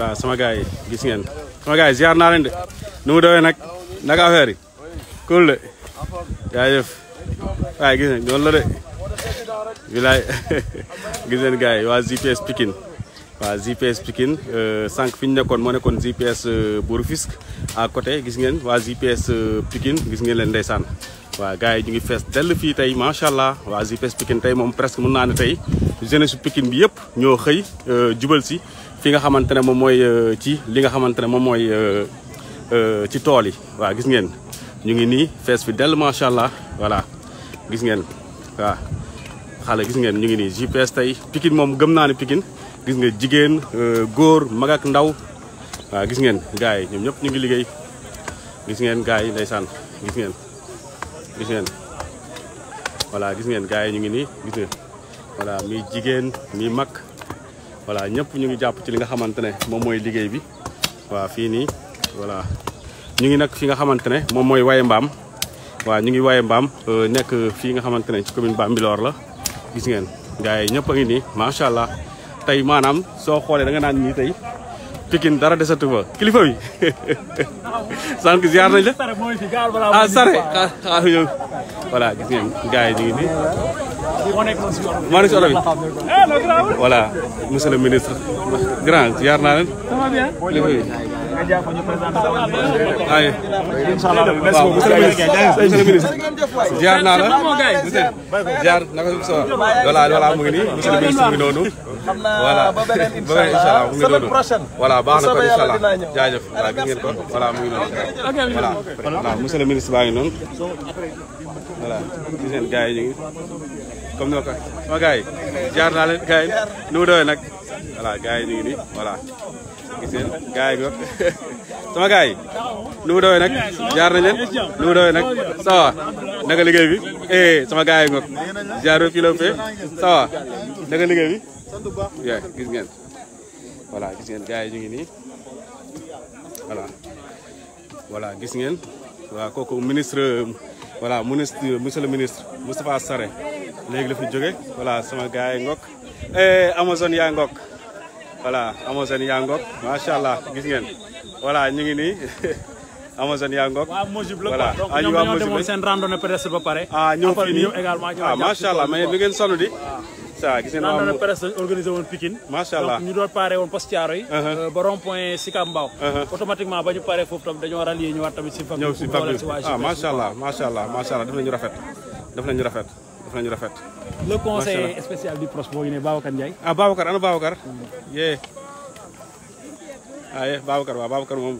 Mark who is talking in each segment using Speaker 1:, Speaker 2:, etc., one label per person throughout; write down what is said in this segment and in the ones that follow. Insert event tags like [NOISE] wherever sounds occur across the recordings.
Speaker 1: waa sama gars yi gis ngeen sama gars yi ziar naa leen de nu mu doyee nag naka affaire yi cool de jaajëf waaye gis ngeen loolu la de [LAUGHS] gis ngeen gars yi waa GPS pikin waa GPS Pikine euh, sànq fi ñu nekkoon moo nekkoon GPS euh, bu Rufisque à côté gis ngeen waa GPS euh, Pikine gis ngeen leen ndeysaan waaw gars yi ñu ngi fees dell fii tey macha allah waa GPS pikin tey moom presque mën naa ne tey jeunesse pikin bi yëpp ñoo xëy jubal si fi nga xamante ne moom mooy euh, ci li nga xamante ne moom mooy euh, euh, ci tool yi waaw gis ngeen ñu ngi nii fees fi dell macha allah voilà gis ngeen waaw xale gis ngeen ñu ngi nii GPS tey Pikine moom gëm naa ne Pikine gis ngeen jigéen góor mag ak ndaw waa gis ngeen gars yi ñoom ñëpp ñu ngi liggéey gis ngeen gars yi ndeysaan gis gis ngeen gis ngeen gars yi ñu ngi nii gis voilà mi jigéen mi mag voilà ñëpp ñu ngi japp ci li nga xamantene mom moy liggéey bi voilà fi ni voilà ñu ngi nak fi nga xamantene mom moy waye mbam wa ñu ngi waye mbam euh nek fi nga xamantene ci commune Bambilor la gis ngeen gaay ñëpp ngi ni ma sha Allah tay manam so xolé da nga naan ñi tay pikine dara de satuba kilifa wi sank [LAUGHS] ziar nañ la ah sare ah, ah, voilà gis ngeen gaay ñi ni maa ngi si oto bi voilà monsieur le ministre grand yaar naa leen. li koy. waaye. waaw monsieur le ministre. jaar naa la. jaar naka si sa. voilà voilà mu ngi nii monsieur le ministre mu ngi noonu.
Speaker 2: voilà ba beneen incha allah mu ngi noonu voilà baax na ko incha
Speaker 1: allah jaajëf voilà gis ngeen ko voilà mu ngi noonu voilà. voilà monsieur le ministre baa ngi noonu voilà gis ngeen gars yi ñu ngi. comme ni ko sama gars jaar naa leen gars yi nu mu doyee nag voilà gars [LAUGHS] nag jaar nañ leen nu mu doyee nag ça va naka liggéey bi eh sama gars yi jaar fii la fee ça va naka liggéey bi gis ngeen voilà gis ngeen gars yi ñu ngi nii voilà voilà gis ngeen waaw kooku ministre voilà ministre monsieur le ministre Moustapha Sarré léegi la fi jóge voilà sama gars yi ngokk eh, Amazone yaa ngokk voilà Amazone yaa ngokk macha allah gis ngeen voilà ñu ngi nii [LAUGHS] Amazone yaa ngokk. waaw Mojib la quoi donc ah, ñoom ñoo demoon ba pare. ah ñëw fii nii macha allah mais li ngeen sonn di. Ah. ça gis nañu na presse dañ organisé woon Pikine macha allah donc ñu doon pare woon poste Thiaro yi uh-huh. euh, ba rond point Sicap Mbao uh-huh. automatiquement ba ñu pare foofu tam dañoo rallier ñëwaat tamit si famille ñëw si famille ah macha allah macha allah macha allah daf nañu rafet daf nañu rafet daf nañu rafet le conseil spécial du PROS boo ngi ne Babacar Ndiaye ah Babacar ana Babacar yee ah yee Babacar waaw Babacar moom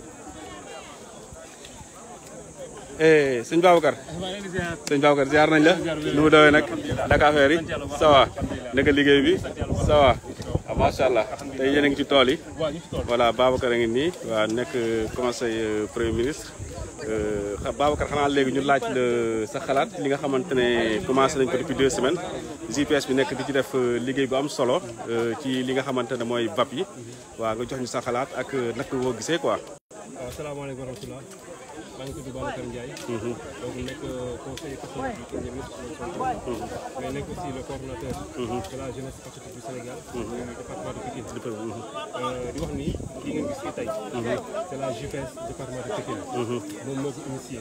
Speaker 1: Eh, sëñ Babacar sëñ Babacar ziar nañ la nu mu dawee nag naka affaire yi ça va liggéey bi sawa va ah, macha allah tey yéen a ngi ci tool yi voilà Babacar a ngi nii waa nekk euh, conseil euh, premier ministre euh, Babacar xanaa léegi ñu laaj la sa xalaat li nga xamante ne commencé nañ ko depuis deux semaines GPS bi nekk di ci def liggéey bu am solo ci li nga xamante ne mooy VAP yi waa nga jox ñu sa xalaat ak nak boo gisee ko waaw
Speaker 3: salaamaaleykum wa rahmatulah. maa ngi tudd Babacar Ndiaye. Mhm. donc nekk euh, conseiller personnel du premier ministre Ousmane Sonko. Mhm. mais nekk aussi le coordonnateur. Mhm. de la jeunesse patriotique du Sénégal. Euh, du département de Pikine. Euh, di wax li ngeen gis fii tey. la JPS département de Pikine. moom moo ko initié.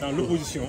Speaker 2: dans l'opposition,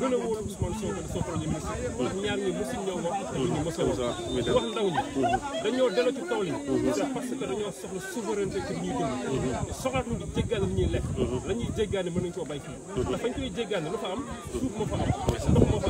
Speaker 3: gën a wóolu Ousmane Sonko soo premier ministre ndax
Speaker 1: ñaar ñi mosuñ ñoo wax te ñu a wax wax ndaw ñi dañoo delloo ci tool yi a
Speaker 3: que dañoo soxla souveraineté ci ñuy dund mhm. soxlaatuñ di jéggaane li ñuy lekk mhm. la ñuy jéggaane mën nañu koo bay fii ndax mhm. fañ koy jéggaane lu fa am suuf moo fa am ndox moo fa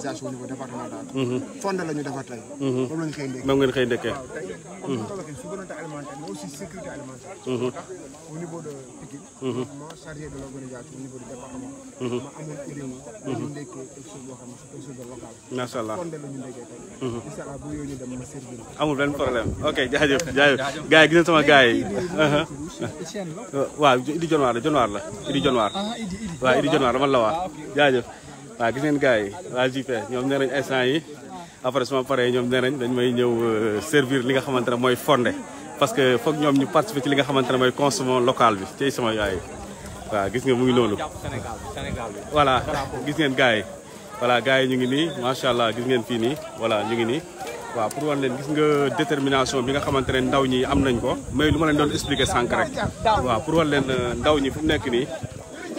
Speaker 4: sensibilisation au niveau de de l' organisation au niveau du département. ma amoon idée wu.
Speaker 2: ñu ndekkee de local. macha allah fonde la ñu ndekkee tey. incha allah bu yooyu ñu dem ma servir. amul benn problème ok jaajëf jaajëf gars yi sama gars yi.
Speaker 1: waaw Idi la Dionewar la Idi Dionewar. waaw man la waa waaw gis ngeen gars yi waa JPS ñoom nee nañ instant yi après suma dañ may ñëw euh, servir li nga xamante ne mooy fonde parce que foog ñoom ñu participer ci li nga xamante ne mooy consommation locale bi tey sama yaay waaw gis nga mu ngi noonu
Speaker 2: voilà gis
Speaker 1: ngeen gars yi voilà gars yi ñu ngi nii macha allah gis ngeen fii nii voilà ñu ngi nii waa pour wan leen gis nga détermination bi nga xamante ne ndaw ñi am nañ ko mais lu ma leen doon expliquer sànq rek waaw pour wan leen euh, ndaw ñi fu mu nekk nii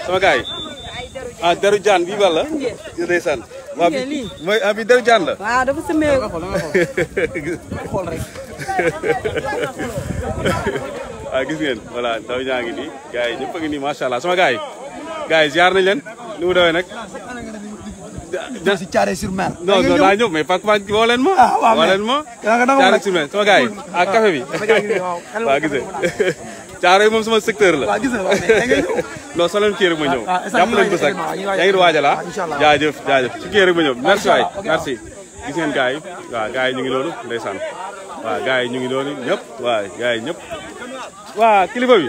Speaker 1: sama gars yi ah deru jaan bii bal la. ndeysaan waaw bi mooy ah, deru jaan la. waaw [LAUGHS] ah, ngeen voilà ndaw ñaa ngi nii gars yi ngi nii macha allah sama gars yi. gars yi ziar leen nu mu dawee
Speaker 5: da si caare sur mer.
Speaker 1: non non daa ñëw mais Fatou Fatou woo leen ma. Ah, woo leen ma. caare sur mer sama gars yi ah [LAUGHS] caaro yi moom sama secteur la. loo gis nga [LAUGHS] non soo leen kii rek ma ñëw. Ah, ah, jàpp leen ah? bés ma ñëw merci gis ngeen gars yi waaw gars yi ñu ngi loolu ndeysaan waaw yi ñu ngi loolu waa kilifa bi.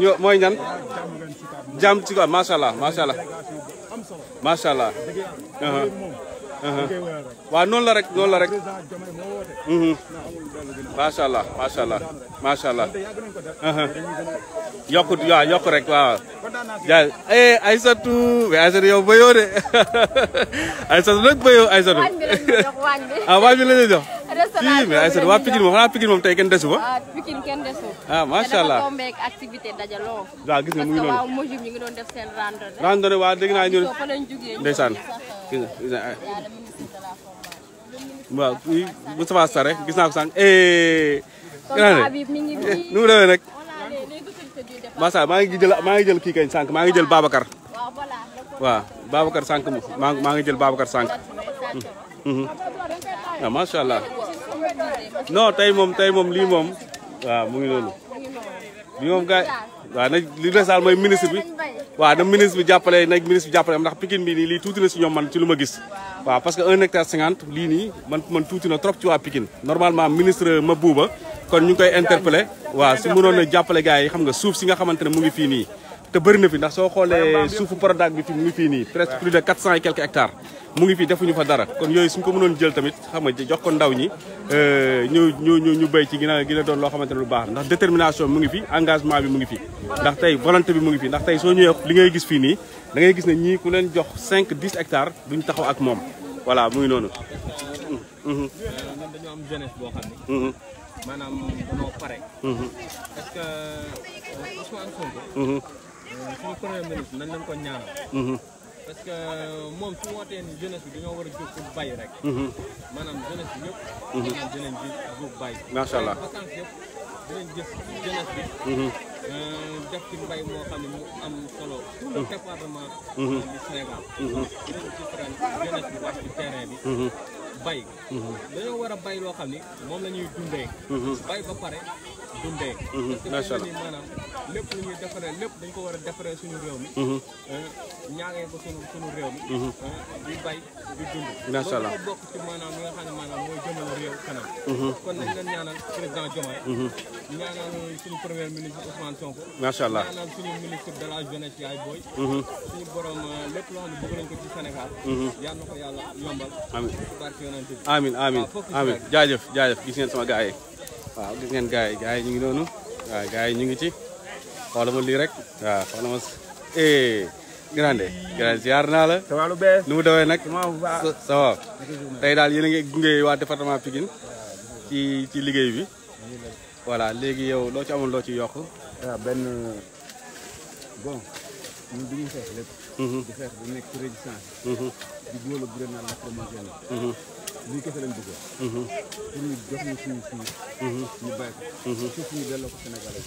Speaker 1: ñu mooy ñan. jàmm ci quoi macha allah macha uh-huh. Uh-huh. la rek noonu la rek. Mm-hmm. macha allah macha allah macha allah uh-huh. yokku waaw yokku rek waaw. jaay eh Aïssatou mais Aïssatou yow béyoo de [LAUGHS] Aïssatou nag béyoo Aïssatou.
Speaker 2: ah waañ bi la ñuy
Speaker 1: jox. [LAUGHS] restaurant mais Aïssatou waa Pikine moom xanaa Pikine moom tey kenn desu ba. ah
Speaker 2: Pikine kenn desu. ah macha allah dafa tombé ak activité dajaloo.
Speaker 1: waaw gis nga mu ngi noonu parce que waa
Speaker 2: Mojum ñu ngi doon def seen randonnée. randonnée waaw dégg naa ñu. ndeysaan
Speaker 1: gis nga ah. waaw Moustapha Sarr gis naa ko sànq. Eh, eh, nu mu demee nag. maa ngi jël maa ngi jël kii kañ sànq maa ngi jël Babacar. waaw Babacar sànq maa maa ngi jël Babacar sànq.
Speaker 2: waaw mm-hmm. mm-hmm. ah, macha allah. non tey moom tey
Speaker 1: moom lii moom. waaw mu ngi loolu. waa nag li des daal mooy ministre bi waa na ministre bi jàppale nag ministre bi jàppale ndax Pikine bi nii lii tuuti na si ñoom man ci lu ma gis waaw parce que un hectare cinquante lii nii man man tuuti na trop ci waa Pikine normalement ministre Mabouba kon ñu koy interpellé waaw su mënoon a jàppale gars yi xam nga suuf si nga xamante ne mu ngi fii nii te bëri na fi ndax soo xoolee suufu Prodac bi fi mu ngi fii nii presque plus de mu ngi fi defuñu fa dara kon yooyu suñ ko mënoon jël tamit xam nga jox ko ndaw ñi euh, ñu ñu ñu ñu béy ci gina gina doon loo xamante ne lu baax ndax détermination mu ngi fi engagement bi mu ngi fi ndax tey volonté bi mu ngi fi ndax tey soo ñëwee li ngay gis fii nii da ngay gis ne ñii ku leen jox 5 10 hectares duñ taxaw ak moom voilà muy ngi noonu
Speaker 2: mm-hmm. Mm-hmm. dañoo am jeunesse boo xam mm-hmm. euh, maanaam dañoo euh, nañ leen ko ñaanal parce que moom su wootee ni jeunesse bi dañoo war a jóg pour bàyyi rek. Mhm. maanaam jeunesse bi ñëpp. Mhm. maanaam dinañ gis jóg bàyyi. macha bi. def bay dañoo war a bay loo xam ni moom la ñuy dundee mhm. bay ba pare dundee mhm. macha allah maanaam lépp lu ñuy defaree lépp dañ ko war a defaree suñu réew mi mhm. euh, ñaagee ko suñu suñu réew mi euh, di bay di dund macha allah bokk ci maanaam li nga xam ne maanaam mooy jëmale réew kanam kon ñaanal président Diomaye ñaanal suñu premier ministre Ousmane la jeunesse yaay booy suñu borom euh, lépp loo xam ne bëgg nañ ko ci Sénégal yal na ko yàlla yombal amiin amin amin amin
Speaker 1: jaajëf jaajëf gis ngeen sama gars yi waaw gis ngeen gars yi gars yi ñu ngi noonu waaw gars yi ñu ngi ci xoolama lii rek waaw xoolama eh grande grande ziar naa la nu mu dawee nag sa waaw tey daal yéen a ngi gunge waa département Pikine ci ci liggéey bi voilà léegi yow loo ci amul loo ci yokk. waaw benn bon ñun bi ñu xeex lépp. di xeex bu nekk ci résistance. di góob a gouvernement
Speaker 3: la lii kese lañ bëggoon. pour ñu jox ñu suñu suñu. ñu bay ko. suuf
Speaker 1: ñu delloo ko Sénégalais.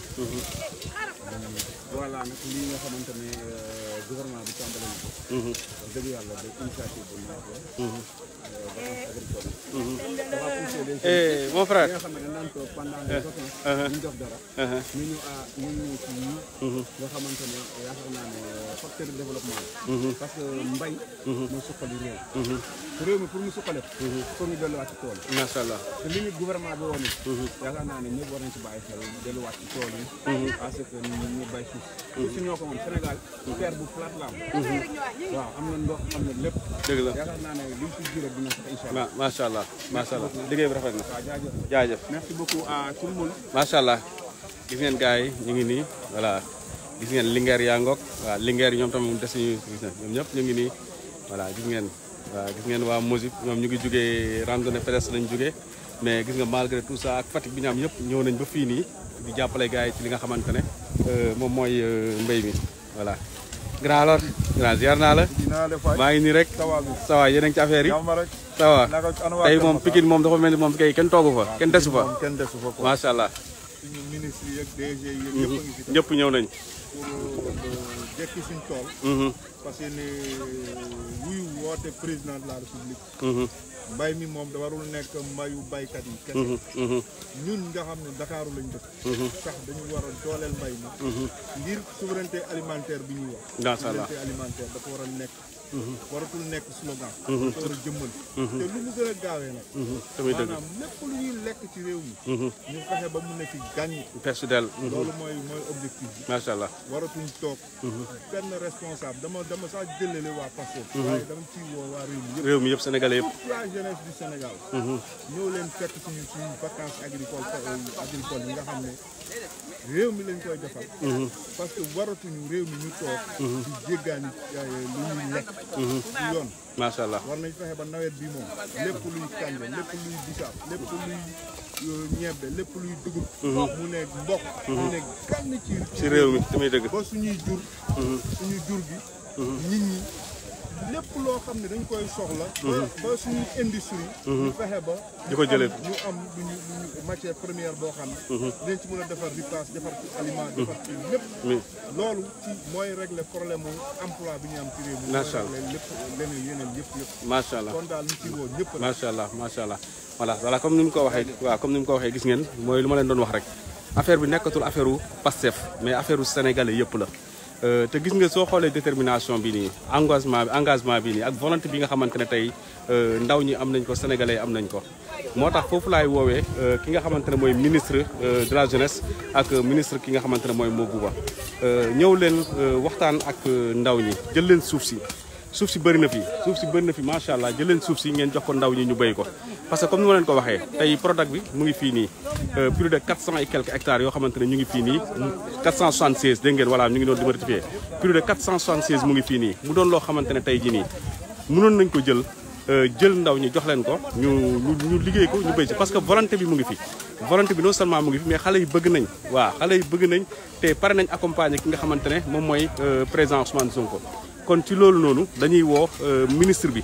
Speaker 1: voilà nag lii nga xamante ne gouvernement bi tàmbali na ko. dëgg yàlla day initiative bu neex la. eh mon frère. nga xamante ne yaakaar naa ne facteur de développement la. parce que mbay. mooy suqali réew.
Speaker 5: réew mi pour mu suqale. pour ñu delluwaat ci tool yi. te li ñu gouvernement bi woon it. yaakaar
Speaker 4: naa
Speaker 1: ne ñëpp war nañ ci bàyyi xel delluwaat ci tool yi. parce que ñu ñu bay suuf. suuf si ñoo ko moom Sénégal terre bu plate waaw am na ndox am na lépp. dëgg la ma macha allah macha allah bi rafet na jaajëf. merci beaucoup à tout macha allah gis ngeen gars yi ñu ngi nii voilà gis ngeen Linguère yaa ngoog waaw Linguère ñoom tamit desuñu ñoom ñëpp ñu ngi nii voilà gis ngeen waaw gis ngeen waa Mosip ñoom ñu ngi jugee ne pédestre nañ jugee mais gis nga malgré tout ça ak Fatick bi ñaam yëpp ñëw nañ ba fii nii di jàppale gars yi ci li nga xamante ne euh, moom mooy euh, mbéy mi voilà. grand lor grand ziar naa la maa ngi nii rek ça va yéen a ngi ci affaire yi ça va tey moom Pikine moom dafa mel ni moom kay kenn toogu fa kenn desu fa macha allah mhm. ñëpp ñëw nañ euh,
Speaker 4: jekki suñ tool mhm. parce que ne euh, wuyu woote président de la république mhm. mbay mi moom da warul nekk mbayu baykat yi kese mhm, mhm. ñun nga xam ne Dakaaru lañ dëkk sax mhm. dañu war a dooleel mbay mi ngir souveraineté alimentaire bi ñuy wax souveraineté alimentaire dafa war a nekk Mm-hmm. waratul nekk slogan dafa mm-hmm. war a jëmmal mm-hmm. te lu mu gën a gaawee nag maanaam lépp lu ñuy lekk ci réew mi ñu fexe ba mu nekk gàññ personnel loolu mooy mooy
Speaker 1: objectif bi macha allah
Speaker 4: waratuñ toog benn responsable dama dama sax jëlale waa Pastef waaye dama ciy waa réew mi yëpp réew mi yëpp sénégalais yëpp Sénégal ñëw leen fekk suñu suñu vacances agricole agricole yi nga xam ne réew mi lañ koy defal. Mhm. parce que waratuñu réew mi ñu
Speaker 1: toog. Mhm. di
Speaker 4: jéggaani lu ñuy lekk. Mhm. yoon.
Speaker 1: macha allah war
Speaker 4: nañ fexe ba nawet bi moom lépp luy kànja lépp luy bisaab lépp luy euh, ñebbe lépp luy dugub. mu ne mboq. mu ne gànn ci. ci réew mi tamit dëgg. ba suñu jur. suñuy jur gi. nit ñi. lépp loo xam ne dañ koy soxla. Mhm. ba suñu industrie. Mhm. ñu fexe ba. ñu ko jëlee ñu am lu ñu matière première boo xam ne. Mhm. dinañ ci mën a defar ripaas defar ci aliment. defar ci lépp. loolu ci mooy régler problème mu emploi bi ñu am ci réew mi. macha allah
Speaker 1: lépp leneen yeneen yëpp yëpp. macha allah kon daal ñu ci woo ko waxee waaw comme waxee gis ngeen mooy lu ma leen doon wax rek affaire bi nekkatul affaire u Pastef mais affaire u sénégalais yëpp la. Euh, te gis nga soo xoolee détermination bi nii engagement engagement bi nii ak volonté bi nga xamante ne tey euh, ndaw ñi am nañ ko sénégalais am nañ ko moo tax foofu laay woowee euh, ki nga xamante ne mooy ministre de la jeunesse ak ministre ki nga xamante ne mooy Mabouba ñëw leen waxtaan ak ndaw ñi jël leen suuf si suuf si bëri na fi suuf si bëri fi macha allah jël leen suuf si ngeen jox ko ndaw ñi ñu béy ko parce que comme ni leen ko waxee tey Prodac bi mu ngi fii nii euh, plus de 400 et quelques hectares yoo xamante ne ñu ngi fii nii 476 dégg ngeen voilà ñu ngi doon di rectifier plus de 476 mu ngi fii nii mu doon loo xamante ne tey jii nii mënoon nañ ko jël euh, jël ndaw ñi jox leen ko ñu ñu liggéey ko ñu béy ci parce que volonté bi mu ngi fi volonté bi non seulement mu ngi fi mais xale yi bëgg nañ waaw xale yi bëgg nañ te pare nañ accompagner ki nga xamante ne moom mooy euh, président Ousmane Sonko kon ci loolu noonu dañuy woo ministre bi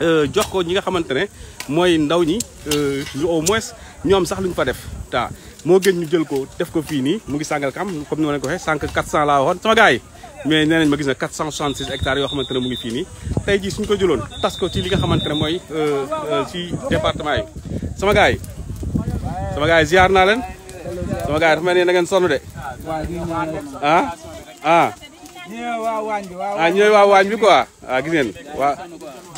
Speaker 1: Euh, jox ko ñi nga xamante ne mooy ndaw ñi euh, au moins ñoom sax lu ñu fa def ta moo gën ñu jël ko def ko fii nii mu ngi sàngal kam comme ni ma leen ko waxee sànq 400 laa waxoon sama gars yi mais nee nañ ma gis na 466 hectares yoo xamante ne mu ngi fii nii tey jii suñ ko jëloon ne mooy euh, ci département yi sama gars yi sama gars yi naa leen sama gars yi dafa mel ni na ngeen de ah ah
Speaker 2: ñooy waa waañ bi ah
Speaker 1: ñooy waa waañ bi quoi ah gis ngeen waa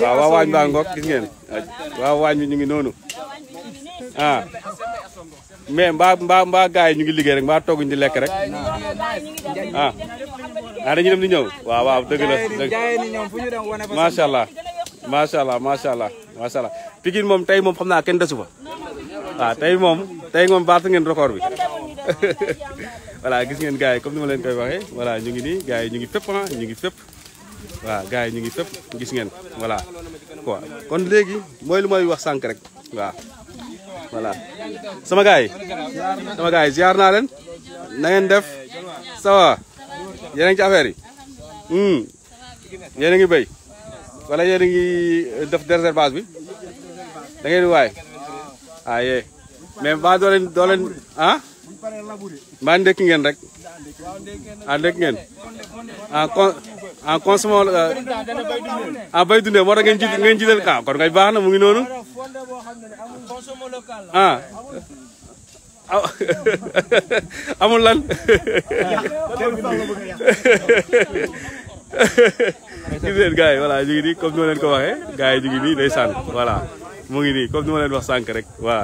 Speaker 1: waaw waa waañ baa ngoog gis ngeen waa waañ bi ñu ngi noonu ah mais mbaa mbaa mbaa gars yi ñu ngi liggéey rek mbaa togguñ di lekk rek
Speaker 2: ah ah di
Speaker 1: ñëw waaw waaw dëgg la dëgg allah macha allah macha tey moom xam naa kenn desu fa waaw ah, tey moom tey moom baatu ngeen bi [LAUGHS] voilà gis ngeen gars yi comme ni ma leen koy waxee voilà ñu ngi nii gars yi ñu ngi fépp ah ñu ngi fépp waaw gars yi ñu ngi fépp gis ngeen voilà quoi kon léegi mooy lu may wax sànq rek waaw voilà sama gars yi sama gars yi ziar naa leen na ngeen def ça va yéen a ngi ci affaire yi hmm. yéen a ngi béy wala yéen a ngi euh, def réservage bi da ngeen waay ah yee mais ba doo leen doo leen ah mbaa ndekki ngeen rek ah ndekki ngeen ah con ah consommé ah,
Speaker 5: ah bay dundee moo tax ngeen ji ngeen ji leen ah kon ngay
Speaker 1: baax na mu ngi noonu ah. ah. [LAUGHS] amul lan [LAUGHS] gis ngeen gars yi voilà ñu ngi nii comme ni ma leen ko waxee gars yi ñu ngi nii day sànn voilà. mu ngi nii comme ni ma leen wax sànq rek waa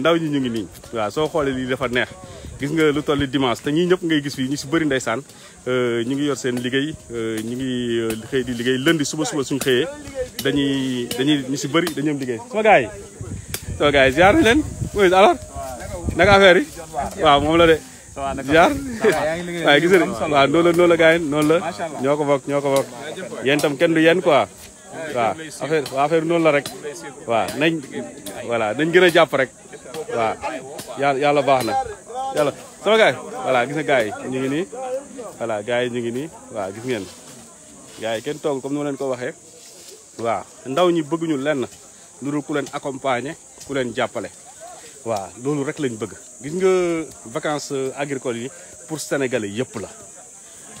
Speaker 1: ndaw ñi ñu ngi nii waaw soo xoolee lii dafa neex gis nga lu toll dimanche te ñii ñëpp ngay gis fii ñu si bëri ndeysaan euh, ñu ngi seen liggéey euh, ñu ngi euh, di liggéey lundi suba suba suñu xëyee dañuy dañuy ñu si bëri dañuy am liggéey sama gars yi
Speaker 2: sama gars yi ziar na
Speaker 1: mooy alors naka affaire yi waaw moom la de ziar waaw gis nga waaw noonu la noonu la gars yi noonu la ñoo ko bokk ñoo ko bokk yéen tam kenn du yéen quoi waaw affaire waaw affaire noonu la rek waaw nañ voilà nañ gën a jàpp rek waaw yàlla yàlla baax na yàlla sama gars voilà gis nga gars yi ñu ngi nii voilà gars yi ñu ngi nii waaw gis ngeen gars yi kenn toog comme nu ma leen ko waxee waaw ndaw ñi bëgguñu lenn lu dul ku leen accompagner ku leen jàppale waaw loolu rek lañ bëgg gis nga vacances euh, agricoles yi pour sénégalais yëpp la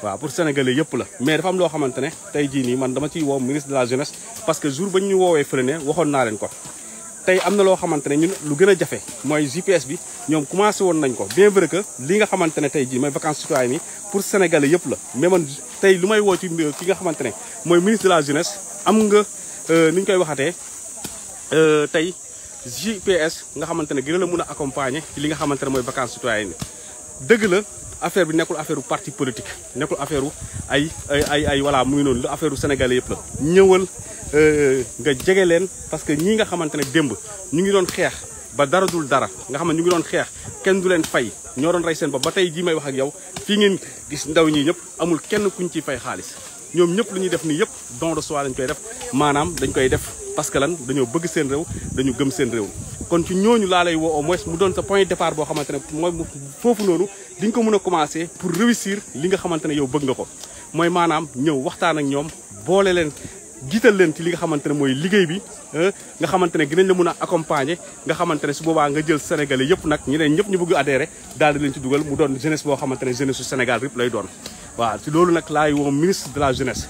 Speaker 1: waaw pour sénégalais yëpp la mais dafa am loo xamante ne tey jii nii man dama ciy woo ministre de la jeunesse parce que jour ba ñu woowee fële ne waxoon ko tey am na loo xamante ne ñun lu gën a jafe mooy GPS bi ñoom commencé woon nañ ko bien vrai que li nga xamante ne tey jii mooy vacances citoyennes pour sénégalais yëpp la mais man tey lu may woo ci ki nga xamante ne mooy ministre de la jeunesse am nga euh, ni ñu koy waxatee euh, tey GPS nga xamante ne gën la mun a accompagner ci li nga xamante ne mooy vacances citoyennes yi dëgg la affaire bi nekkul affaire parti politique nekkul affaire u ay ay ay ay voilà muy noonu la affaire u sénégalais yëpp la ñëwal euh, nga jege leen parce que ñii nga xamante ne démb ñu ngi doon xeex ba dara dul dara nga xam ne ñu ngi doon xeex kenn du leen fay ñoo doon rey seen bopp ba tey jii may wax ak yow fii ngeen gis ndaw ñi ñëpp amul kenn kuñ ciy fay xaalis ñoom ñëpp lu ñuy def nii yëpp don de soi lañ koy def maanaam dañ koy def parce que lan dañoo bëgg seen réew dañu gëm seen réew kon ci ñooñu laa lay woo au moins mu doon sa point de départ boo xamante ne mooy foofu noonu di nga ko mën a commencer pour réussir li nga xamante ne yow bëgg nga ko mooy maanaam ñëw waxtaan ak ñoom boole leen jiital leen ci li nga xamante ne mooy liggéey bi hein, nga xamante ne ginañ la mën a accompagner nga xamante ne su boobaa nga jël sénégalais yëpp nag ñeneen ñëpp ñu bëgg adhérer daal di leen ci dugal mu doon jeunesse boo xamante ne jeunesse su Sénégal yëpp lay doon waaw ci loolu nag laay woo ministre de la jeunesse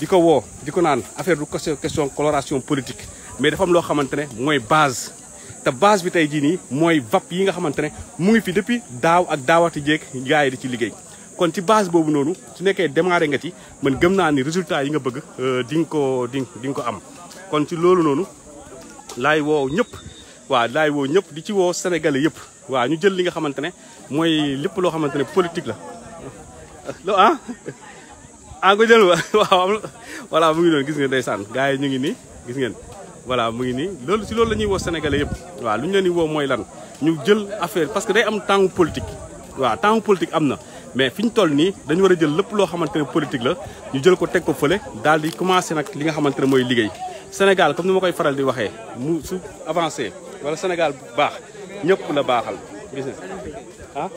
Speaker 1: di ko woo di ko naan affaire du question coloration politique mais dafa am loo xamante ne mooy base te base bi tey jii nii mooy VAP yi nga xamante ne mu ngi fi depuis daaw ak daawati jéeg gars yi di ci liggéey kon ci base boobu noonu su nekkee démarré nga ci man gëm naa ni résultat yi nga bëgg euh, di ko di di ko am kon ci loolu noonu laay woo ñëpp waaw laay woo ñëpp di ci woo sénégalais yëpp waaw ñu jël li nga xamante ne mooy lépp loo xamante ne politique la lo ah [LAUGHS] ah nga jël [LAUGHS] waaw voilà mu ngi doon gis ngeen ndeysaan gars yi ñu ngi nii gis ngeen voilà mu ngi nii si la sénégalais yépp wa luñu des leen parce lan ñu jël affaire parce que day am temps politique temps politique mais fi toll ni dañu wara jël lepp politique la ñu jël ko tek ko feulé dal di commencer nak li nga Sénégal comme nous koy faral di waxé mu su avancé wala Sénégal bu baax ñepp la baaxal gis nga ah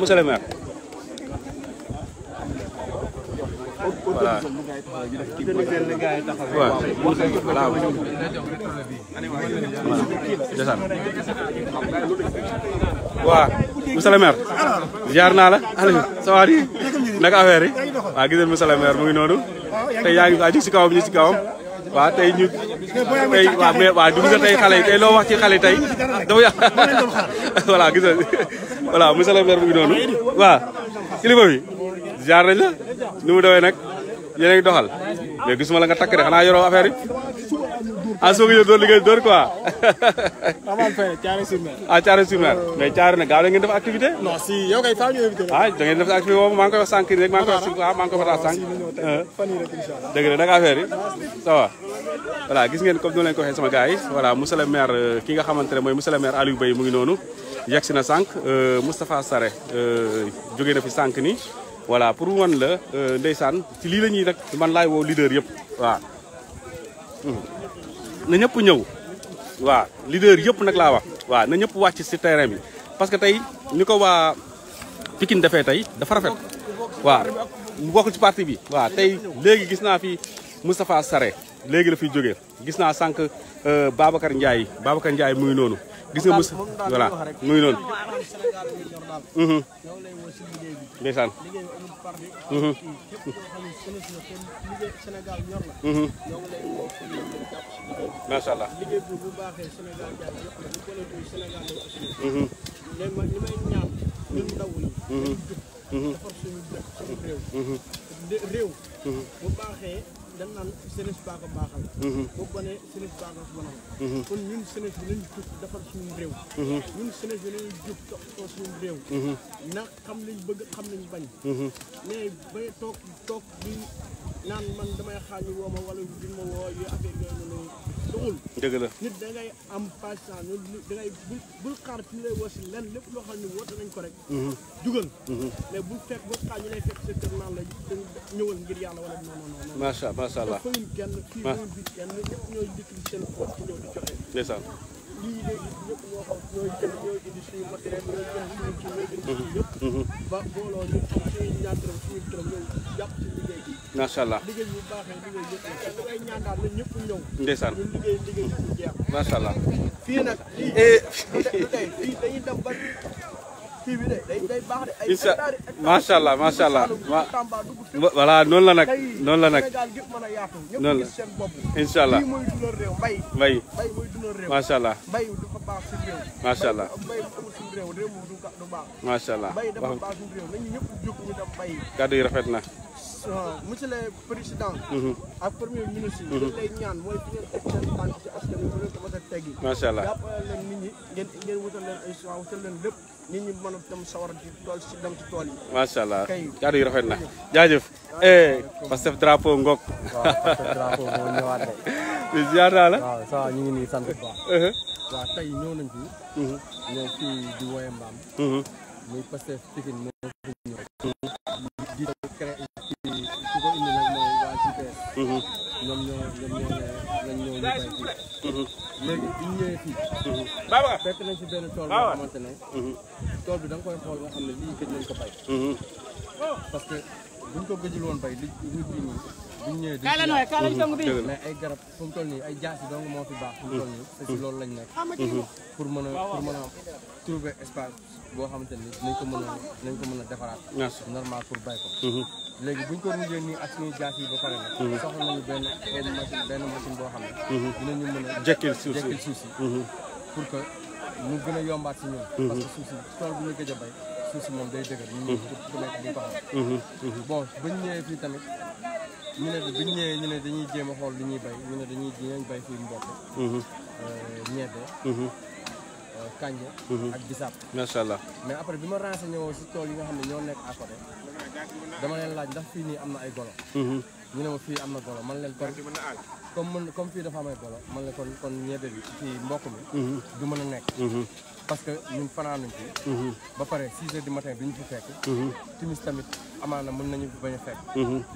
Speaker 1: ah ah ah voilà.
Speaker 2: waaw. jaar naa la. Aliou ça va di naka affaire yi. waaw
Speaker 1: gis mu ngi noonu. tey yaa ngi waa ci kawam ñu ci kawam. waaw tey ñu tey
Speaker 2: waaw mais waaw gis nga tey xale yi tey loo wax ci xale tey
Speaker 1: dafa yàq [LAUGHS] voilà gis [LAUGHS] mu ngi noonu waaw kilifa bi. ziar ah, ah, ah, eh. la eh, nu dowe nak yene ngi doxal mais gisuma la nga tak rek xana yoro affaire yi asu ngi do ligay dor quoi tamal fe tiare sur mer ah tiare sur mer mais tiare nak gaaw ngeen def activité non si yow kay fa ñu invité ah da ngeen def activité mo mang koy wax sank rek mang koy wax mang koy wax sank fani rek inshallah deug rek nak affaire yi ça va voilà gis ngeen comme do len ko xé sama gaay yi voilà monsieur le maire ki nga xamantene moy monsieur le maire aliou bay mu ngi nonu yaksina sank euh mustapha sare euh jogé na fi sank ni voilà pour wan euh, la euh ndaysane ci li lañuy rek man lay wo leader yep wa hmm. na ñep ñew wa leader yep nak la wax wa na ñep wacc ci terrain bi parce que tay niko wa pikine defé tay dafa rafet wa mu bokku ci parti bi wa tay légui gis na fi mustapha saré légui la fi joggé gis na sank euh babacar ndjay babacar ndjay muy nonou gis nga mos voilà mu ngi noonu. allah.
Speaker 2: réew mhm. mhm. bu dañ naan jeunesse ba ko baaxal. Mhm. boo ko nee
Speaker 5: jeunesse baa ko bonal. Mhm. kon ñun jeunesse bi nañu jug defar suñu réew. Mhm. ñun jeunesse bi nañu jug toppatoo suñu réew. na xam liñ bëgg xam bañ. mais toog toog di naan man damay xaaju woo ma wala du ma woo yooyu affaire yooyu noonu. doxul. dëgg la nit da ngay am patience da ngay bul bul xaar fi ñu lay woo si lenn lépp loo xam ne woote nañ ko rek.
Speaker 1: jugal. Mhm. Mhm.
Speaker 5: mais bul fekk bul xaar ñu lay fekk sa kër naan la ñëwal ngir yàlla wala non non non. macha macha allah dafa kenn fii moom bi kenn ñëpp macha allah liggéey bu baaxee liggéey yëpp ay ñaan daal ñun ñëpp ñëw. ndeysaan ñu allah fii eh. allah macha allah voilà la nag. noonu la nag allah. mbay allah. macha allah. macha allah.
Speaker 1: kàddu rafet na.
Speaker 5: monsieur le président. Mhm. ak mhm. ci askan wi ngeen ko macha allah jàppale ay soins wutal leen a dem sawar tool si dem ci tool yi. macha rafet na jaajëf.
Speaker 1: Eh, Pastef drapeau Ngok. waaw Pastef drapeau [LAUGHS] la. waaw ça ñu ngi nii sant bu baax.
Speaker 6: Uh-huh. tey ñëw nañ fi. Uh-huh. ñëw fii di woye mbaam. Uh-huh. muy léegi bi ñu ñëwee fii. baba fekk nañ si benn tool boo xamante ne. tool bi da nga koy xool nga xam ne lii gëj nañ ko bay. parce que buñ ko gëjul woon bay li wut bi nii buñ ñëwee. dañ koy bay kaay la bi mais ay garab fu mu toll nii ay jaasi dong moo fi baax. fu mu toll nii te si loolu lañ nekk. pour mën a pour mën a trouver espace boo xamante ne nañ ko mën a nañ ko mën a defaraat. normal pour bay ko. léegi bu buñ ko rujee nii ak suñu jaas yi ba pare nag. Mhm. soxla nañu benn machine benn machine boo xam ne. Mhm. dinañu mën a jekkil suuf si jekkil suuf si. Mhm. pour que mu gën a yombaat si ñun. parce que suuf si tool bu ñu gëj a bay suuf si moom day dëgër. ñu ku nekk di ko xam. bon bañ ñëwee fii tamit ñu ne biñ ñëwee ñu ne dañuy jéem a xool li ñuy bay ñu ne dañuy dinañ bay fii mboq.
Speaker 1: ñebe. kànja ak bisaab. macha allah
Speaker 6: mais après bi ma woo si tool yi nga xam ne ñoo nekk à dama leen laaj ndax fii nii am na ay golo mhm. ñu ne ma fii am na golo man leen kon comme mën comme fii dafa am ay golo man leen kon kon ñebe bi ci mbokk mi mhm. du mën a nekk mhm. parce que ñun fanaanuñ fi ba pare six heures du matin duñu fi fekk timis tamit amaan amaana mën nañu bañ a fekk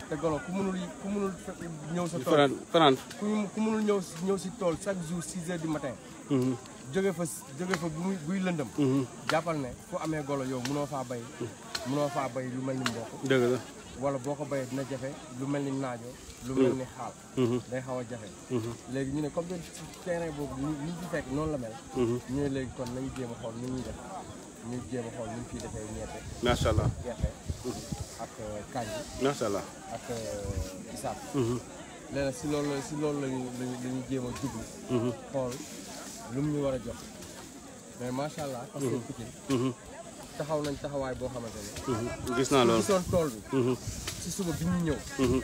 Speaker 6: te golo ku mënul ku ñëw sa tool ku mënul ñëw ñëw si tool chaque jour six heures du matin jóge fa jóge fa bu buy lëndëm jàppal ne fu amee golo yow mënoo faa bay mënoo faa bay lu mel ni mboq dëgg la wala boo ko bayee dina jafe lu mel ni naajo lu mel ni xaal mhm. day xaw a jafe mhm. léegi ñu ne comme de terrain boobu ñu ci fekk noonu la mel mhm. ñu ne léegi kon nañu jéem a xool nu ñuy def ñu jéem a xool nu ñu defee ñebe macha allah gerte ak euh, kanji macha allah ak euh, isaab léegi si loolu si loolu lañu lañu jéem a jublu xool lu mu ñu war a jox mais macha allah parce que taxaw nañ taxawaay boo xamante ne.
Speaker 2: Mhm. gis
Speaker 6: naa loolu gisoon tool bi. Mhm. ci suba bi ñu ñëw.
Speaker 2: Mhm.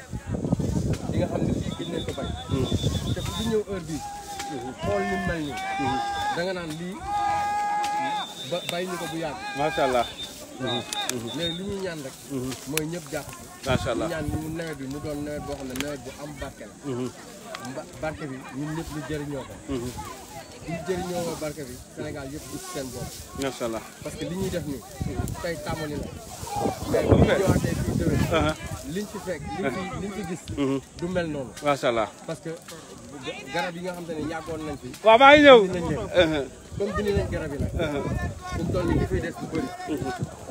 Speaker 2: di nga xam ne fii
Speaker 6: gëj da nga naan lii ba bay ñu ko bu yàgg. macha allah. waaw léegi li ñuy ñaan rek. mooy ñëpp jàpp si. macha allah ñaan mu nawet bi mu doon nawet boo xam ne nawet bi am barke la. mba bi ñun ñëpp ñu jëriñoo ko. di jëriñoo nga barke bi Sénégal yëpp ci seen bopp.
Speaker 1: macha allah parce que li
Speaker 6: ñuy def nii. tey tàmbali la. mais bu ñu ñëwaatee fii déwén. Uh-huh. liñ ci fekk liñ ci uh-huh. liñ ci gis. Uh-huh. du mel noonu. macha allah parce que garab yi nga xam te ne yàggoon nañ fi. waaw maa ngi ñëw comme dindi nañ garab yi nag. suñ toll nii li koy des du bëri.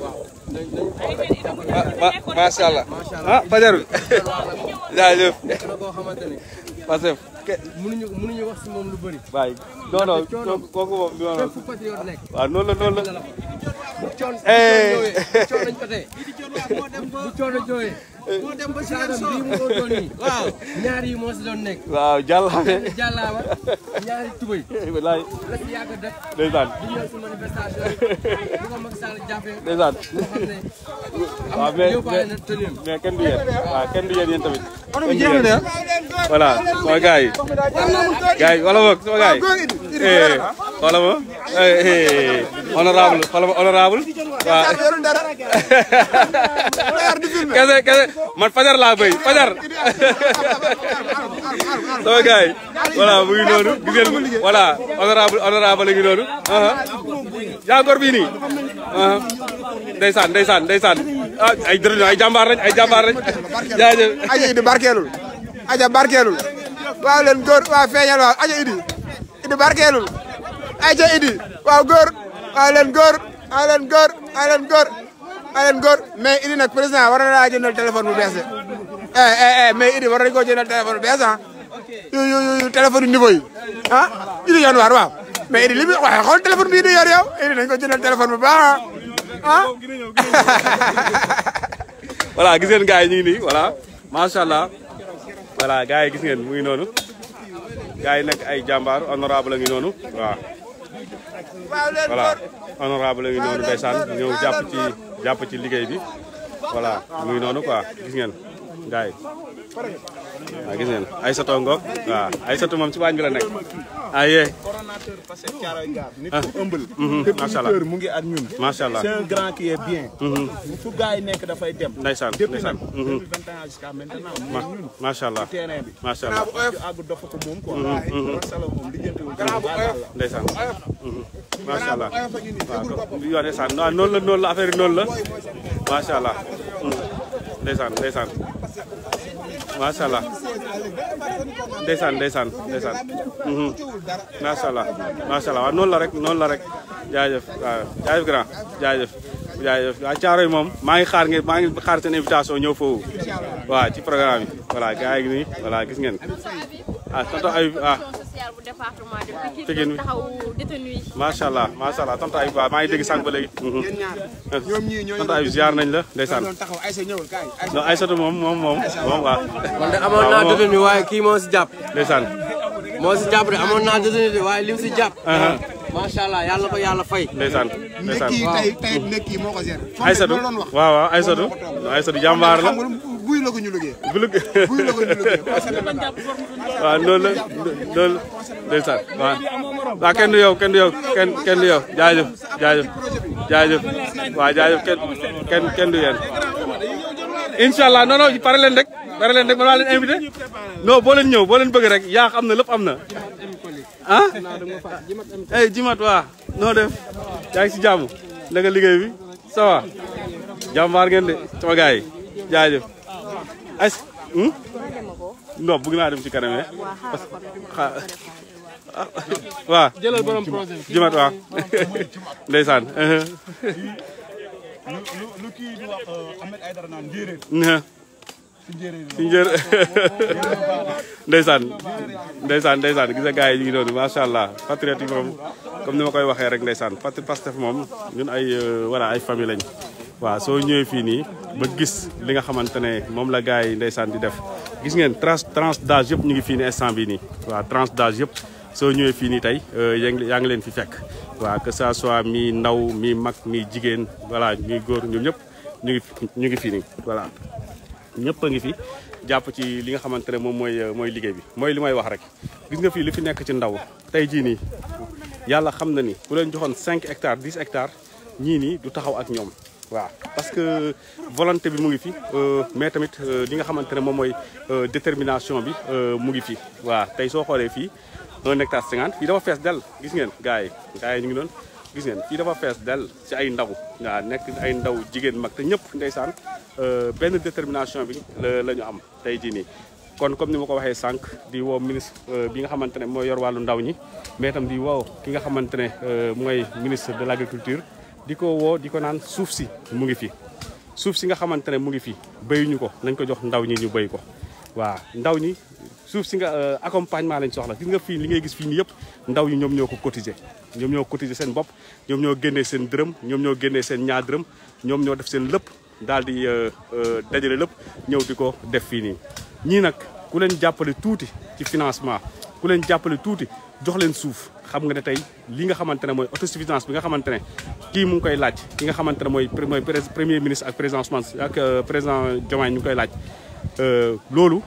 Speaker 6: waaw nañ nañ. macha allah ah Fajarul. [LAUGHS] jaajëf. parce que. mënuñu mënuñu wax si moom lu
Speaker 1: bëri. waay non non kooku
Speaker 6: nekk. waaw noonu la noonu la. bu coono bu coono moo dem ba Ziguinchor bii moo doon nii waaw ñaar yi moo si doon nekk.
Speaker 1: waaw jàllabe jàllaba ñaari tubay. walaay la si
Speaker 6: yàgg def. ndeysaan di ñëw si manifestation yi bu ko Macky Sall jàppee.
Speaker 1: ndeysaan waaw mais mais kenn du yéen waaw kenn du yéen yéen tamit. kenn du yéen voilà sama gars yi. gars yi wala boog sama gars
Speaker 2: yi. Eh,
Speaker 1: wala ma eh, eh, honorable wala ma honorable
Speaker 2: waaw. [LAUGHS]
Speaker 1: kese kese. man fajar laa béy fajar sama gars yi voilà mu ngi noonu gis ngeen voilà honorable honorable la ngi noonu yaa ngor bii nii ndeysaan ndeysaan ndeysaan ah, ay dërëñoo ay jàmbaar lañ ay jàmbaar lañ jaajëf
Speaker 4: aja idi barkeelul aja barkeelul waaw leen góor waaw feeñal waaw aja idi idi barkeelul aja idi waaw góor waaw leen góor waaw leen góor waaw leen góor aleen góor mais Idi nag président war na laa jëndal téléphone bu bees de eh, eh, eh, mais Idi war nañu koo jëndal téléphone bu bees ah yu yu yu téléphone niveau yi ah Idi yoon waar waaw mais Idi li muy waaye xool téléphone bi Idi yor yow Idi nañu ko jëndal téléphone bu baax
Speaker 2: ah
Speaker 1: [LAUGHS] voilà gis ngeen gars yi ñu ngi nii voilà macha allah voilà gars yi gis ngeen mu ngi noonu gars yi nekk ay jàmbaar honorable la ngi noonu waaw voilà honorable la ngi noonu ndeysaan ñëw jàpp ci jàpp ci liggéey bi voilà muy noonu quoi gis ngeen gars waaw gis ngeen ay soto ngoog waaw ay soto moom ci waañ bi la nekk
Speaker 4: ah yee.
Speaker 2: coordonnateur parce
Speaker 4: que Thiaroye Gare nit ku ah. ëmbal. Mhm, macha allah
Speaker 1: mu ngi ak ñun. macha allah
Speaker 2: c'est un grand qui
Speaker 1: est bien. Mhm. fu gars yi nekk dafay dem. ndeysaan ndeysaan depuis nag. Mhm. depuis vingt ans jusqu'à maintenant. macha allah ci terrain bi. macha allah
Speaker 4: ci àgg dofa ko moom quoi.
Speaker 1: ndeysaan macha allah waaw yow ndeysaan noonu la noonu la affaire yi noonu la macha allah ndeysaan ndeysaan. macha allah ndeysaan ndeysaan ndeysaan mhm. macha allah macha allah waaw noonu la rek noonu la rek jaajëf waaw jaajëf grand jaajëf jaajëf waaw Caaroy moom maa ngi xaar nge maa ngi xaar seen invitation ñëw foofu waaw ci programme yi voilà gars wala gis ngeen ah tonton Ayib ah
Speaker 2: spécial bu département
Speaker 4: de
Speaker 1: allah macha allah tonton Ayib ba maa ngi dégg sànq ba léegi mhm. ñoom ñii ñoo tonton Ayib nañ la ndeysaan
Speaker 4: taxaw Aïssa ñëwul kaay
Speaker 1: non Aïssatu moom moom moom moom waaw man de amoon waaye kii moo si jàpp ndeysaan moo si jàpp de amoon naa
Speaker 6: détenu de waaye lim si jàpp uh-huh. macha allah yàlla ko yàlla fay. waaw
Speaker 1: waaw waaw Aïssatou Aïssatou jàmbaar la. buy ñu liggéey. buy [LAUGHS] la kenn du yow kenn du yow kenn kenn du yow jaajëf jaajëf jaajëf waaw jaajëf kenn kenn kenn du yéen incha allah non non pare leen rek pare leen bëgg rek yaa xam na lépp am na ah ay eh, jimat waa noo def yaa ngi si jàmm bi ça va jàmbaar ngeen de sama gars yi as hmm no bëgg na dem ci kanamé eh. wa wa jëlal borom projet jumat wa ndaysan lu lu ki di wax eh, ahmed aydar nan ngiré ha ci ngiré ndaysan ndaysan ndaysan gisa gaay yi ngi doon ma sha Allah patriotique mom comme nima koy waxé rek ndaysan patri pastef mom ñun ay eh, wala ay famille lañ waaw soo ñëwee fii e nii ba gis li nga xamante ne moom la gars yi ndeysaan di def gis ngeen trans trans d'âge yëpp ñu ngi fii e nii instant bii nii waaw trans d'âge yëpp soo ñëwee fii nii tey yaa ngi leen fi fekk waaw que ça soit mi ndaw mi mag mi jigéen voilà mi góor ñoom ñëpp ñu ngi ñu ngi fii nii voilà ñëpp a ngi fi jàpp ci li nga xamante ne moom mooy mooy liggéey bi mooy li may wax rek gis nga fii li fi nekk ci ndaw tey jii nii yàlla xam na ni ku leen joxoon 5 hectares 10 hectares ñii nii du taxaw ak ñoom waaw parce que volonté bi mu ngi fi euh, mais tamit euh, li nga xamante ne moom mooy euh, détermination bi mu ngi fi waaw tey soo xoolee fii un hectare cinquante fii dafa fees dell gis ngeen gars yi gars yi ñu ngi doon gis ngeen fii dafa fees dell ci ay ndaw waaw nekk ay ndaw jigéen mag te ñëpp ndeysaan benn détermination bi la ñu am tey jii nii kon comme ni ma ko waxee sànq di woo ministre bi nga xamante ne mooy yor wàllu ndaw ñi mais tam di woo ki nga xamante ne mooy ministre de l'agriculture di ko woo di ko naan suuf si mu ngi fi suuf si nga xamante ne mu ngi fi béyuñu ko nañ ko jox ndaw ñi ñu béy ko waaw ndaw ñi suuf si nga euh, accompagnement lañ soxla gis nga fii li ngay gis fii nii yëpp ndaw ñi ñoom ñoo ko cotiser ñoom ñoo cotiser seen bopp ñoom ñoo génnee seen dërëm ñoom ñoo génnee seen ñaar dërëm ñoom ñoo def seen lépp daal di euh, euh, dajale lépp ñëw di ko def fii nii ñii nag ku leen jàppale tuuti ci financement ku leen jàppale tuuti jox leen suuf xam nga ne tey li nga xamante ne mooy autosuffisance bi nga xamante ne kii mu ngi koy laaj ki nga xamante ne mooy mooy premier ministre ak président Ousmane ak euh, président Diomaye ñu ngi koy laaj euh, loolu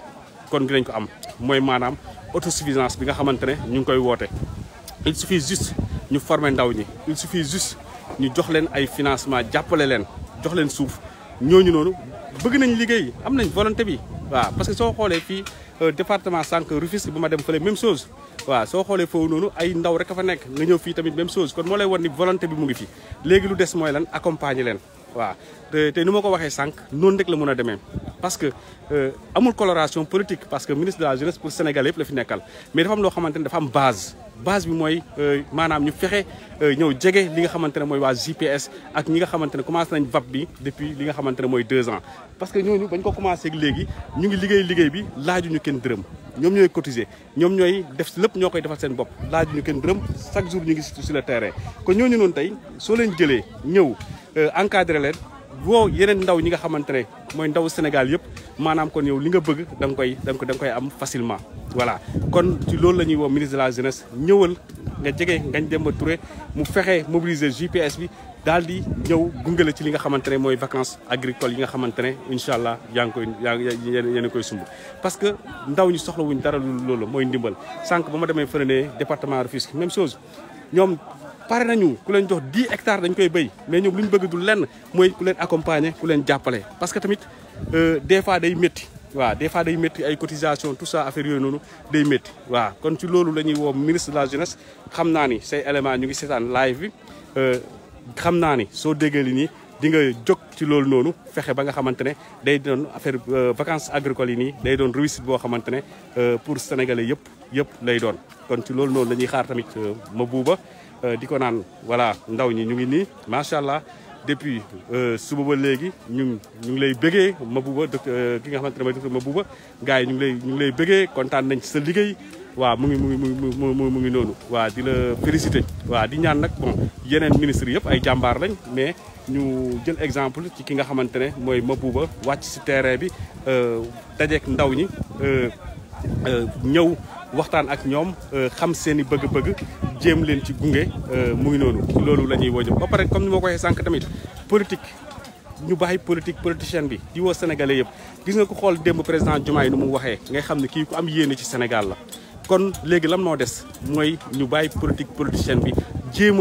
Speaker 1: kon dinañ ko am mooy maanaam autosuffisance bi nga xamante ne ñu ngi koy woote il suffit juste ñu former ndaw ñi il suffit juste ñu jox leen ay financement jàppale leen jox leen suuf ñooñu noonu bëgg nañ liggéey am nañ volonté bi waaw parce que soo xoolee Euh, département sànq Rufisque bu ma dem fële même chose waaw soo xoolee foofu noonu ay ndaw rek a fa nekk nga ñëw fii tamit même chose kon moo lay wan ni volonté bi mu ngi fi léegi lu des mooy lan accompagner leen waaw te te ma ko waxee sànq noonu rek la mën a demee parce que euh, amul coloration politique parce que ministre de la jeunesse pour Sénégal yëpp la fi nekkal mais dafa am loo xamante ne dafa am base base bi moy euh, nous ñu fexé euh, li nga GPS ak ñi nga commencé nañ VAP depuis li nga deux ans parce que nous, bañ ko commencé ak légui ñu ngi liggéey liggéey bi ñu nous, dërëm ñom ñoy cotiser ñom ñoy def nous, Nous defal seen laaju ñu dërëm chaque jour ñu ngi sur le terrain nous, nous, tay so leen nous euh, encadré woo yeneen ndaw ñi nga xamante ne mooy ndaw Sénégal yëpp maanaam kon yow li nga bëgg da nga koy da nga koy am facilement. voilà kon ci loolu la ñuy woo ministre de la jeunesse ñëwal nga jege dem ba ture mu fexe mobiliser GPS bi daal di ñëw gungale ci li nga xamante ne mooy vacance agricoles yi nga xamante ne incha allah yaa ngi koy yaa yéen koy sumb. parce que ndaw ñi soxla wuñ dara loolu mooy ndimbal sànq ba ma demee fële ne département Rufisque même chose ñoom. pare nañu ku leen jox di hectares dañ koy béy mais ñoom lu ñu bëgg du lenn mooy ku leen accompagner ku leen jàppale parce que tamit euh, des fois day métti waaw des fois day métti ay cotisation tout ça affaire yooyu noonu day métti waa kon ci loolu la ñuy woo ministre de la jeunesse xam naa ni say éléments ñu ngi seetaan live bi euh, xam naa ni soo déggee li nii di nga jóg ci loolu noonu fexe ba nga xamante ne day doon affaire euh, vacances agricoles yi nii day doon réussite boo xamante ne pour sénégalais yëpp yëpp lay doon kon ci loolu noonu la xaar tamit ma buuba Euh, di ko naan voilà ndaw ñi ñu ngi ni machallah depuis euh suba ba légui ñu ñu lay béggé mabouba docteur ki nga xamantene docteur mabouba gaay ñu lay ñu lay béggé contane nañ ci sa liggéey wa mu ngi mu ngi mu ngi nonu wa di la féliciter wa di ñaan nak bon yeneen ministre yëpp ay jambar lañ mais ñu jël exemple ci ki nga xamantene moy mabouba wacc ci terrain bi euh dajé ndaw ñi euh, euh ñew waxtaan ak ñoom euh, xam seen i bëgg-bëgg jéem leen ci gunge euh, mu ngi noonu loolu la ñuy woo ba pare comme ni ma ko waxee sànq tamit politique ñu bàyyi politique politicienne bi di woo sénégalais yëpp gis nga ko xool démb président Diomaye nu mu waxee ngay xam ne kii ku am yéene ci Sénégal la kon léegi lan moo des mooy ñu bàyyi politique politicienne bi jéem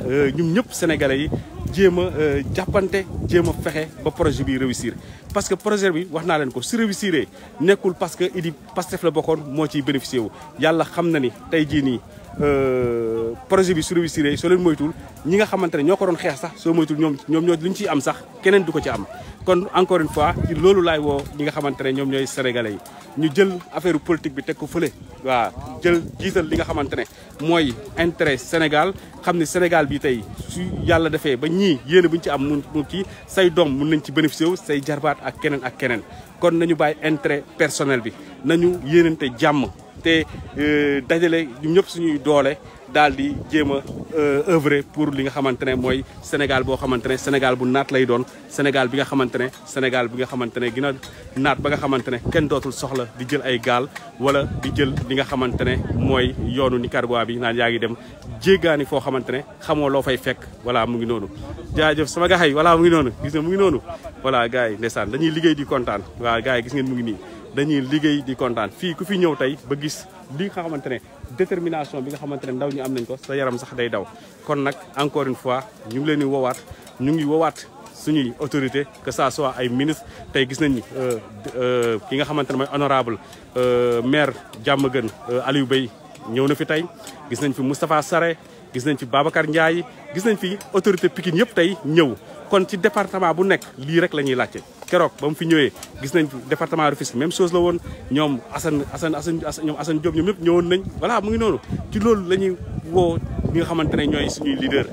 Speaker 1: Euh, ñun ñëpp sénégalais yi jéema euh, jàppante jéema fexe ba projet bi réussir parce que projet bi wax naa leen ko su réussir nekkul parce que idi pastef la bokkoon moo ciy bénéficié wu yàlla xam na ni tey jii nii Euh, projet bi su réussir soo leen moytul ñi nga xamante ne ñoo ko doon xeex sax soo moytul ñoom ñoom ñoo li ñu ciy am sax keneen du ko ci am kon encore une fois ci loolu laay woo ñi nga xamante ne ñoom ñooy sénégalais yi ñu jël affaire politique bi teg ko fële waa jël jiital li nga xamante ne mooy intérêt Sénégal xam ne Sénégal bi tey su yàlla defee ba ñii yéene bu ñu ci am mun kii say doom mun nañ ci bénéficier wu say jarbaat ak keneen ak keneen kon nañu bàyyi intérêt personnel bi nañu yéenante jàmm te euh, dajale ñun ñëpp suñuy doole daal di jéem a euh, œuvrer pour li nga xamante ne mooy Sénégal boo xamante ne Sénégal bu naat lay doon Sénégal bi nga xamante ne Sénégal bi nga xamante ne gina naat ba nga xamante ne kenn dootul soxla di jël ay gaal wala di jël li nga xamante ne mooy yoonu Nicaragua bi naan yaa ngi dem jéggaani foo xamante ne xamoo loo fay fekk voilà mu ngi noonu jaajëf sama gaay yi voilà mu ngi noonu gis nga mu ngi noonu voilà gars yi ndeysaan dañuy liggéey di kontaan waa gars yi gis ngeen mu ngi nii dañuy liggéey di kontaan fii ku fi ñëw tey ba gis li nga xamante ne détermination bi nga xamante ne ndaw ñi am nañ ko sa yaram sax day daw kon nag encore une fois ñu ngi leen di woowaat ñu ngi woowaat suñuy autorité que ça soit ay ministre tey gis nañ euh, euh, ki nga xamante ne mooy honorable euh, maire Diamaguène Aliou Bey ñëw na fi tey gis nañ fi Moustapha sare gis nañ fi Babacar Ndiaye gis nañ fi autorité Pikine yëpp tey ñëw kon ci département bu nekk lii rek la ñuy laajte keroog ba fi ñëwee gis nañ département Rufisque même chose la woon ñoom Assane Assane Assane ñoom Assane Diop ñoom ñëpp ñëwoon nañ voilà mu ngi noonu ci loolu la ñuy woo ñi nga xamante ne ñooy suñuy leader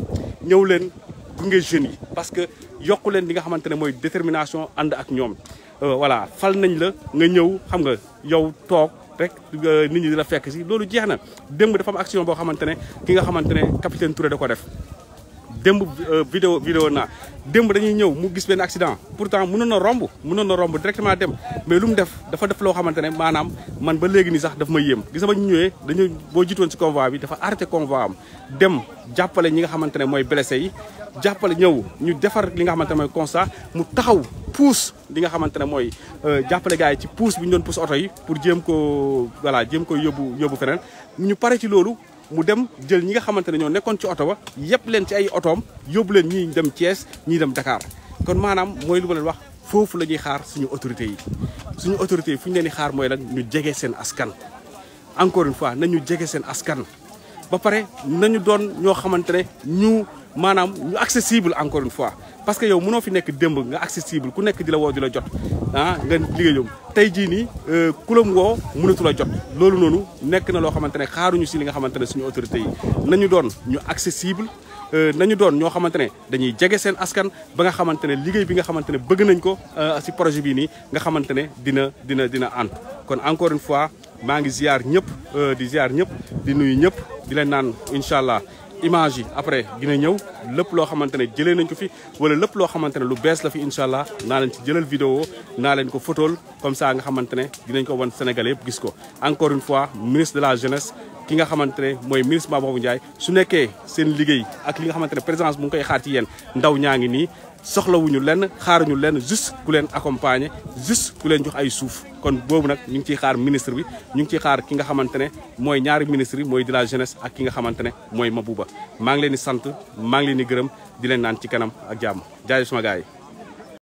Speaker 1: ñëw leen gunge jeunes yi parce que yokku leen li nga xamante ne mooy détermination ànd ak ñoom euh, voilà fal nañ la nga ñëw xam nga yow toog rek euh, nit ñi di la fekk si loolu jeex na démb dafa am action boo xamante ne ki nga xamante ne capitaine Touré da ko def démb euh, vidéo vidéo naa démb dañuy ñëw mu gis benn accident pourtant mënoon na romb mënoon na romb directement dem mais lu mu def dafa def loo xamante ne maanaam man ba léegi nii sax daf ma yéem gis nga ba ñu ñëwee dañuy boo jiitoon ci convoi bi dafa arrêté convoi am dem jàppale ñi nga xamante ne mooy blessé yi jàppale ñëw ñu defar li nga xamante ne mooy constat mu taxaw puus li nga xamante ne mooy euh, jàppale gars yi ci puus bi ñu doon puus oto yi pour jéem ko voilà jéem ko yóbbu yóbbu feneen ñu pare ci loolu mu dem jël ñi nga xamante ne ñoo nekkoon ci oto ba yëpp leen ci ay otoom yóbbu leen ñii dem cees ñii dem Dakar kon maanaam mooy lu ma leen wax foofu la ñuy xaar suñu autorités yi suñu autorités yi fu ñu leen di xaar mooy lan ñu jege seen askan encore une fois nañu jege seen askan ba pare nañu doon ñoo ñu accessible encore une fois parce que yow mënoo fi accessible ku nekk di la woo di la jot ah nga tey jii nii euh, la woo mënatu jot na si li nga xamante suñu yi accessible euh, nañu doon ñoo xamante dañuy askan ba nga euh, projet nga dina dina dina ànd kon encore une fois maa ngi ziar ñëpp euh, di ziar ñëpp di nuyu ñëpp di leen naan incha allah image yi après dina ñëw lépp loo xamante ne jëlee nañ ko fi wala lépp loo xamante ne lu bees la fi incha allah naa leen ci jëlal vidéo naa leen ko fotool comme ça nga xamante ne dinañ ko wan Sénégalais yëpp gis ko. encore une fois ministre de la jeunesse ki nga xamante ne mooy ministre boobu Ndiaye su nekkee seen liggéey ak li nga xamante ne présidence mu ngi koy xaar ci yéen ndaw ñaa nii. soxlawuñu lenn xaaruñu lenn juste ku leen accompagner juste ku leen jox ay suuf kon boobu nag ñu ngi ciy xaar ministre bi ñu ngi ciy xaar ki nga xamante ne mooy ñaari ministre yi mooy de la jeunesse ak ki nga xamante ne mooy Mabouba maa ngi leen di sant maa ngi leen di gërëm di leen naan ci kanam ak jàmm jaajëf sama gars